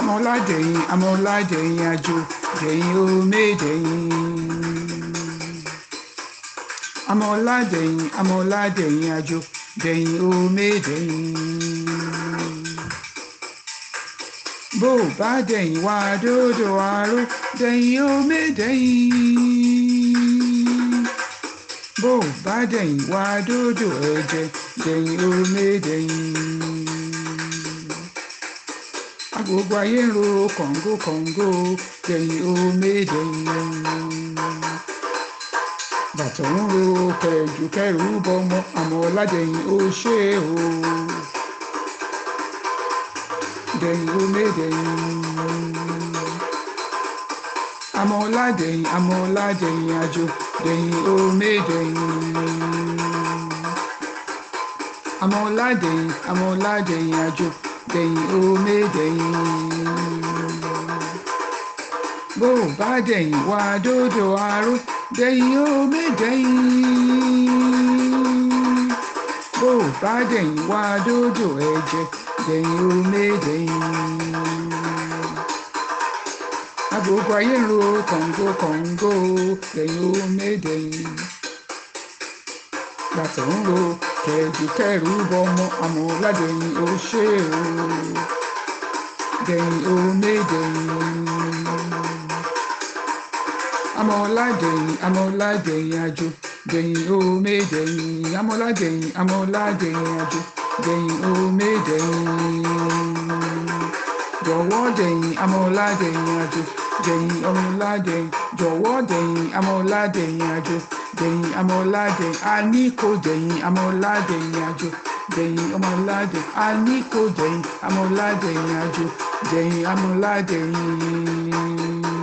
amọ̀ládẹ̀yìn amọ̀ládẹ̀yìn àjò dẹ̀yìn omédẹ̀yìn. amọ̀ládẹ̀yìn amọ̀ládẹ̀yìn àjò dẹ̀yìn omédẹ̀yìn. bó o do dẹ̀yìn wá dòdò àrò dẹ̀yìn omédẹ̀yìn. bó o do dẹ̀yìn wá dòdò ẹ̀jẹ̀ dẹ̀yìn omédẹ̀yìn. gbogbo ayé ń roro kọ̀ǹgó kọ̀ǹgó kẹ̀yìn oméde. bàtọ̀ ń ro kẹ̀jù kẹrù bọmọ àmọ́ ládẹ̀yìn ó ṣe o. dẹ̀yìn omédẹ̀yìn. àmọ́ ládẹ̀yìn àmọ́ ládẹ̀yìn àjò dẹ̀yìn omédẹ̀yìn. àmọ́ ládẹ̀yìn àmọ́ ládẹ̀yìn àjò dẹ̀yìn ó méjẹ̀yìn bó bá dẹ̀yìn wá dódò aró dẹ̀yìn ó méjẹ̀yìn bó bá dẹ̀yìn wá dódò ẹ̀jẹ̀ dẹ̀yìn ó méjẹ̀yìn. agbègbè ayé ń ro kọ̀ǹgó kọ̀ǹgó dẹ̀yìn ó méjẹ̀yìn. bàtà ń ro kẹrùkẹrù bọmọ àmọ̀ládẹ́yìn ó ṣe o dẹ̀yìn ó médẹ̀yìn àmọ̀ládẹ́yìn àmọ̀ládẹ́yìn àjò dẹ̀yìn ó médẹ̀yìn àmọ̀ládẹ́yìn àmọ̀ládẹ́yìn àjò dẹ̀yìn ó médẹ̀yìn jọ̀wọ́ dẹ̀yìn àmọ̀ládẹ́yìn àjò dẹ̀yìn ọmọládẹ́yìn jọ̀wọ́ dẹ̀yìn àmọ̀ládẹ́yìn àjò. dẹ̀yìn amọ̀ládé àníkò dẹ̀yìn amọ̀ládé ìrìn àjò dẹ̀yìn ọmọládé àníkò dẹ̀yìn amọ̀ládé ìrìn àjò dẹ̀yìn amọ̀ládé ìrìn.